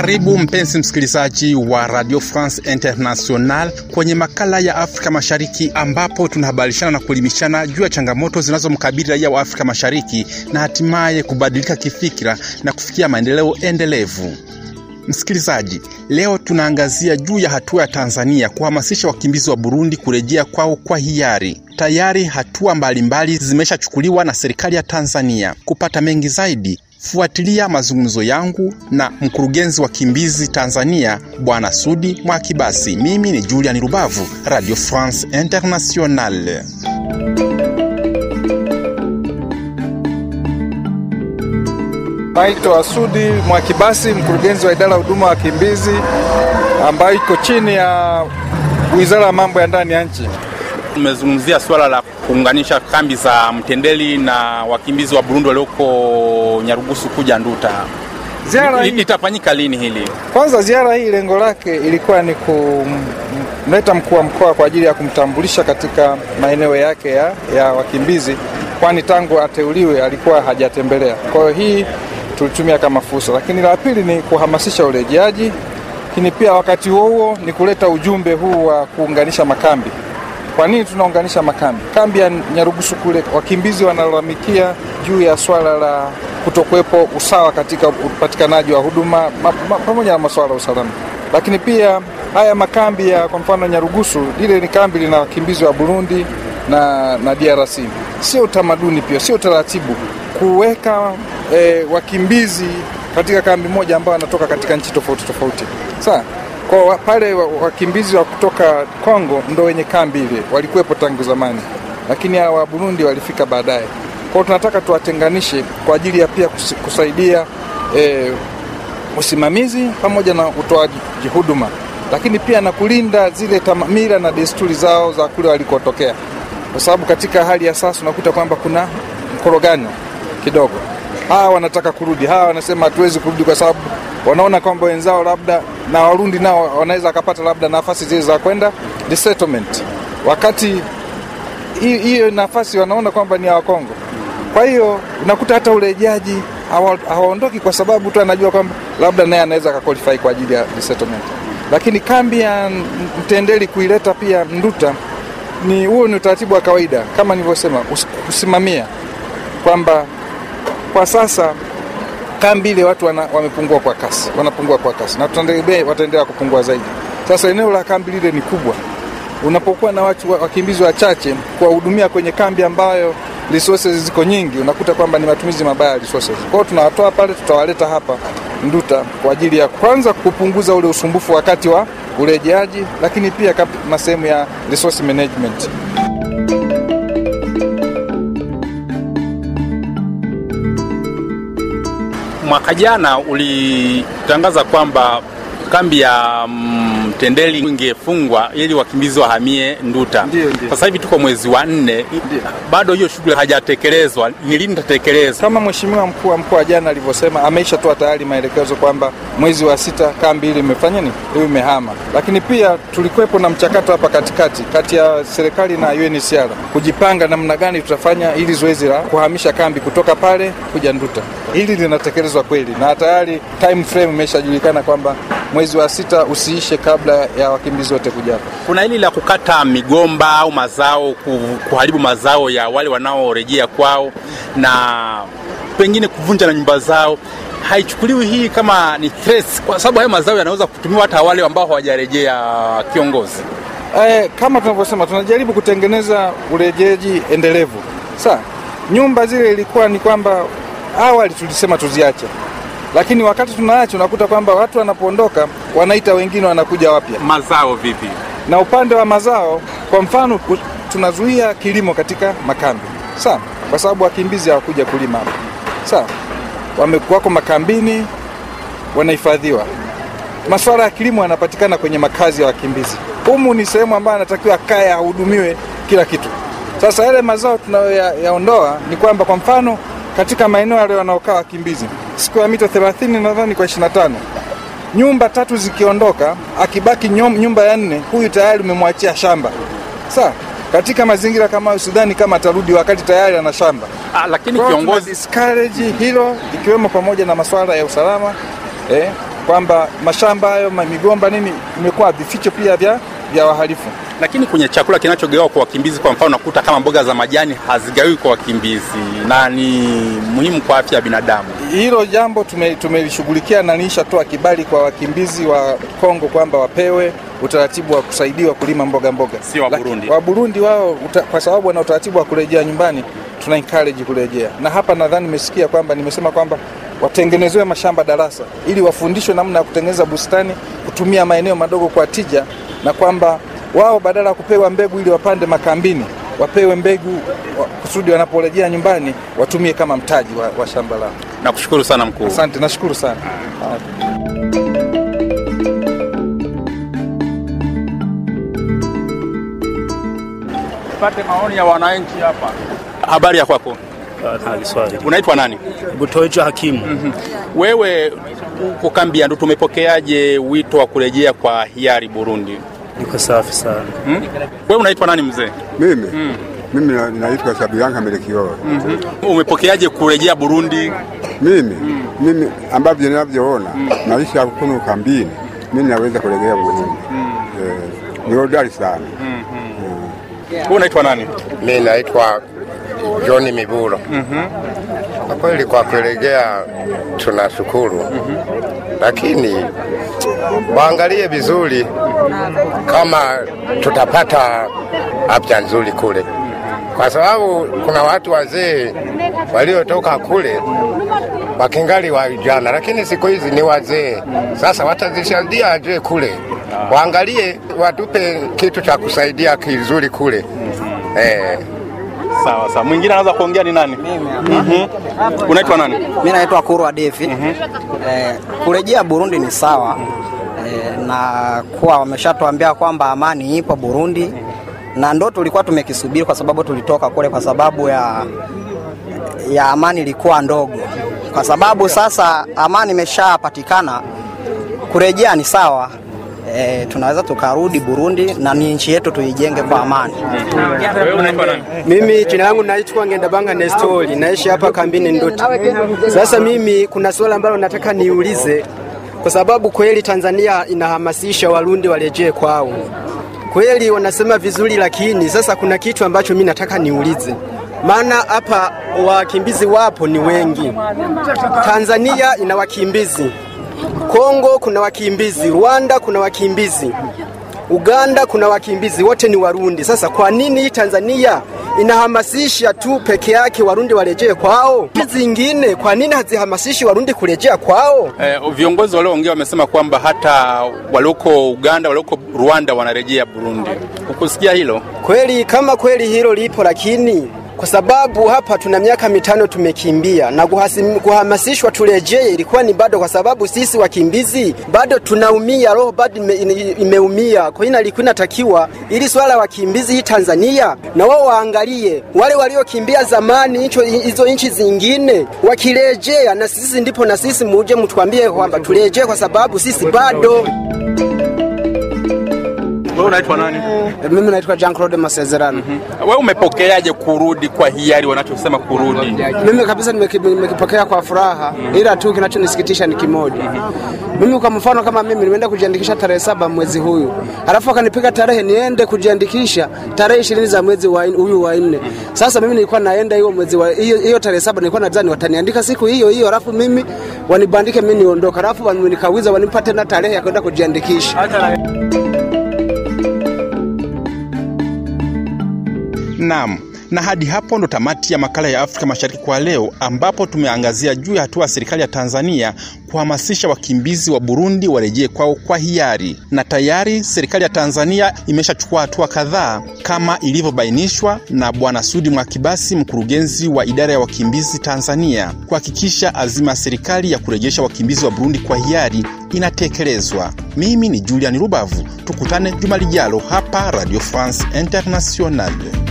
Karibu mpenzi msikilizaji wa Radio France International kwenye makala ya Afrika Mashariki, ambapo tunahabarishana na kuelimishana juu ya changamoto zinazomkabili raia wa Afrika Mashariki na hatimaye kubadilika kifikira na kufikia maendeleo endelevu. Msikilizaji, leo tunaangazia juu ya hatua ya Tanzania kuhamasisha wakimbizi wa Burundi kurejea kwao kwa hiari. Tayari hatua mbalimbali zimeshachukuliwa na serikali ya Tanzania. Kupata mengi zaidi Fuatilia mazungumzo yangu na mkurugenzi wa Kimbizi Tanzania Bwana Sudi Mwakibasi. Mimi ni Julian Rubavu, Radio France Internationale. Naitwa Sudi Mwakibasi, mkurugenzi wa idara ya huduma wa wakimbizi ambayo iko chini ya Wizara ya Mambo ya Ndani ya Nchi. Tumezungumzia swala la kuunganisha kambi za Mtendeli na wakimbizi wa Burundi walioko Nyarugusu kuja Nduta. Ziara hii itafanyika lini hili? Kwanza ziara hii lengo lake ilikuwa ni kumleta mkuu wa mkoa kwa ajili ya kumtambulisha katika maeneo yake ya, ya wakimbizi, kwani tangu ateuliwe alikuwa hajatembelea. Kwa hiyo hii tulitumia kama fursa, lakini la pili ni kuhamasisha urejeaji, lakini pia wakati huo huo ni kuleta ujumbe huu wa kuunganisha makambi. Kwa nini tunaunganisha makambi? Kambi ya Nyarugusu kule, wakimbizi wanalalamikia juu ya swala la kutokuwepo usawa katika upatikanaji wa huduma pamoja na masuala ya usalama, lakini pia haya makambi ya kwa mfano Nyarugusu, lile ni kambi lina wakimbizi wa Burundi na, na DRC. Sio utamaduni pia, sio utaratibu kuweka e, wakimbizi katika kambi moja ambao wanatoka katika nchi tofauti tofauti. Sawa. Kwa pale wakimbizi wa kutoka Kongo ndo wenye kambi ile, walikuwepo tangu zamani, lakini hawa wa Burundi walifika baadaye. Kwao tunataka tuwatenganishe kwa ajili ya pia kusaidia e, usimamizi pamoja na utoaji huduma, lakini pia na kulinda zile tamamira na desturi zao za kule walikotokea, kwa sababu katika hali ya sasa unakuta kwamba kuna mkoroganyo kidogo. Hawa wanataka kurudi, hawa wanasema hatuwezi kurudi, kwa sababu wanaona kwamba wenzao labda na Warundi nao wanaweza wakapata labda nafasi zile za kwenda resettlement, wakati hiyo nafasi wanaona kwamba ni ya Wakongo. Kwa hiyo unakuta hata urejaji hawaondoki kwa sababu tu anajua kwamba labda naye anaweza akakwalifai kwa ajili ya resettlement. Lakini kambi ya Mtendeli kuileta pia Nduta, ni huo ni utaratibu wa kawaida kama nilivyosema, kusimamia kwamba kwa sasa kambi ile watu wana, wamepungua kwa kasi, wanapungua kwa kasi na tutaendelea, wataendelea kupungua zaidi. Sasa eneo la kambi lile ni kubwa, unapokuwa na watu wakimbizi wachache, kuwahudumia kwenye kambi ambayo resources ziko nyingi, unakuta kwamba ni matumizi mabaya ya resources. Kwao tunawatoa pale, tutawaleta hapa Nduta kwa ajili ya kwanza kupunguza ule usumbufu wakati wa urejeaji, lakini pia masehemu ya resource management. mwaka jana ulitangaza kwamba kambi ya mm, Mtendeli ingefungwa ili wakimbizi wahamie Nduta. Sasa hivi tuko mwezi wa nne, bado hiyo shughuli hajatekelezwa. Ni lini tatekelezwa? Kama mheshimiwa mkuu wa mkoa jana alivyosema, ameishatoa tayari maelekezo kwamba mwezi wa sita kambi ile imefanya nini, imehama. Lakini pia tulikuwepo na mchakato hapa katikati kati ya serikali na UNHCR kujipanga namna gani tutafanya ili zoezi la kuhamisha kambi kutoka pale kuja Nduta, hili linatekelezwa kweli na tayari time frame imeshajulikana kwamba mwezi wa sita usiishe kabla ya wakimbizi wote kujapa. Kuna hili la kukata migomba au mazao, kuharibu mazao ya wale wanaorejea kwao na pengine kuvunja na nyumba zao. Haichukuliwi hii kama ni stress, kwa sababu hayo mazao yanaweza kutumiwa hata wale ambao hawajarejea, kiongozi? Eh, kama tunavyosema tunajaribu kutengeneza urejeji endelevu. Sasa nyumba zile ilikuwa ni kwamba awali tulisema tuziache lakini wakati tunaacha unakuta kwamba watu wanapoondoka wanaita wengine, wanakuja wapya. Mazao vipi? Na upande wa mazao, kwa mfano, tunazuia kilimo katika makambi sawa, kwa sababu wakimbizi hawakuja kulima hapa sawa, wako makambini, wanahifadhiwa. Masuala ya kilimo yanapatikana kwenye makazi ya wakimbizi. Humu ni sehemu ambayo anatakiwa akae, ahudumiwe kila kitu. Sasa yale mazao tunayoyaondoa ni kwamba, kwa mfano, katika maeneo yale wanaokaa wakimbizi sikuwa mita 30 nadhani kwa 25 nyumba tatu zikiondoka, akibaki nyumba ya nne, huyu tayari umemwachia shamba. Sa katika mazingira kama sudhani kama atarudi wakati tayari ana shamba. Ah, lakini kwa kiongozi discourage hilo, ikiwemo pamoja na masuala ya usalama eh, kwamba mashamba hayo migomba nini imekuwa vificho pia vya, vya wahalifu. Lakini kwenye chakula kinachogawiwa kwa wakimbizi, kwa mfano, nakuta kama mboga za majani hazigawi kwa wakimbizi, na ni muhimu kwa afya ya binadamu. Hilo jambo tumelishughulikia, tume na niishatoa kibali kwa wakimbizi wa Kongo kwamba wapewe utaratibu wa kusaidiwa kulima mboga mboga, si wa Burundi. Wa Burundi wao uta, kwa sababu wana utaratibu wa kurejea nyumbani, tuna encourage kurejea. Na hapa nadhani nimesikia kwamba nimesema kwamba watengenezewe mashamba darasa, ili wafundishwe namna ya kutengeneza bustani, kutumia maeneo madogo kwa tija, na kwamba wao badala ya kupewa mbegu ili wapande makambini, wapewe mbegu kusudi wanaporejea nyumbani watumie kama mtaji wa, wa shamba lao. Nakushukuru sana mkuu. Asante, nashukuru sana. maoni ya wananchi hapa. Habari ya kwako? Unaitwa nani? Butoicho Hakimu. mm -hmm. Wewe uko kambi ya ndo, tumepokeaje wito wa kurejea kwa hiari Burundi? Niko safi sana. Hmm? unaitwa nani mzee? Mimi. Hmm. Mimi naitwa sabiyanga Melekiola. mm -hmm. Umepokeaje kurejea Burundi? Mimi mm. mimi ambavyo ninavyoona mm. maisha ya kunu kambini, mimi naweza kurejea Burundi mm. Eh, ni hodari sana mm -hmm. mm. Wewe unaitwa nani? Mimi naitwa John Miburo. mm -hmm. Kwa kweli kwa kurejea tunashukuru mm -hmm. lakini waangalie vizuri kama tutapata afya nzuri kule, kwa sababu kuna watu wazee waliotoka kule wakingali wa vijana, lakini siku hizi ni wazee sasa. Watazisaidia aje kule? Waangalie, watupe kitu cha kusaidia kizuri kule eh. Sawa sawa. Mwingine anaweza kuongea ni nani? Mimi. Mhm. Unaitwa nani? Mimi naitwa Kurwa Devi. Mm -hmm. Eh, kurejea Burundi ni sawa. Eh, na kuwa wameshatuambia kwamba amani ipo Burundi na ndo tulikuwa tumekisubiri kwa sababu tulitoka kule kwa sababu ya ya amani ilikuwa ndogo, kwa sababu sasa amani imeshapatikana, kurejea ni sawa e, tunaweza tukarudi Burundi na ni nchi yetu tuijenge kwa amani. Mimi jina langu naitwa Ngendabanga Nestori, naishi hapa kambini Nduta. Sasa mimi kuna swala ambalo nataka niulize, kwa sababu kweli Tanzania inahamasisha Warundi warejee kwao, kweli wanasema vizuri, lakini sasa kuna kitu ambacho mimi nataka niulize maana hapa wakimbizi wapo ni wengi. Tanzania ina wakimbizi Kongo kuna wakimbizi, Rwanda kuna wakimbizi, Uganda kuna wakimbizi, wote ni Warundi. Sasa kwa nini Tanzania inahamasisha tu peke yake Warundi warejee kwao? Zingine kwa nini hazihamasishi Warundi kurejea kwao? Eh, viongozi walioongea wamesema kwamba hata walioko Uganda, walioko Rwanda wanarejea Burundi. Ukusikia hilo kweli? Kama kweli hilo lipo, lakini kwa sababu hapa tuna miaka mitano tumekimbia, na kuhamasishwa turejee ilikuwa ni bado, kwa sababu sisi wakimbizi bado tunaumia, roho bado imeumia. Kwa hiyo ilikuwa inatakiwa ili swala wakimbizi hii Tanzania na wao waangalie wale waliokimbia zamani hizo nchi zingine, wakirejea na sisi ndipo na sisi muje mtuambie kwamba turejee, kwa sababu sisi bado wewe unaitwa nani? Eh, mimi naitwa Jean Claude Masezerano. mm -hmm. Wewe umepokeaje kurudi kwa hiari wanachosema kurudi? Mimi kabisa nimekipokea kwa furaha mm -hmm. ila tu kinachonisikitisha ni kimoja. mm -hmm. Mimi kwa mfano kama mimi nimeenda kujiandikisha tarehe saba mwezi huyu, alafu akanipiga tarehe niende kujiandikisha tarehe ishirini za mwezi wa huyu wa nne. mm -hmm. Sasa mimi nilikuwa naenda hiyo mwezi wa hiyo tarehe saba, nilikuwa nadhani wataniandika siku hiyo hiyo, alafu mimi wanibandike mimi niondoka, alafu wanikawiza wanipa tena tarehe ya kwenda kujiandikisha. Hata Naam, na hadi hapo ndo tamati ya makala ya Afrika Mashariki kwa leo, ambapo tumeangazia juu ya hatua ya serikali ya Tanzania kuhamasisha wakimbizi wa Burundi warejee kwao kwa hiari, na tayari serikali ya Tanzania imeshachukua hatua kadhaa kama ilivyobainishwa na Bwana Sudi Mwakibasi, mkurugenzi wa idara ya wakimbizi Tanzania, kuhakikisha azima ya serikali ya kurejesha wakimbizi wa Burundi kwa hiari inatekelezwa. Mimi ni Julian Rubavu, tukutane juma lijalo hapa Radio France Internationale.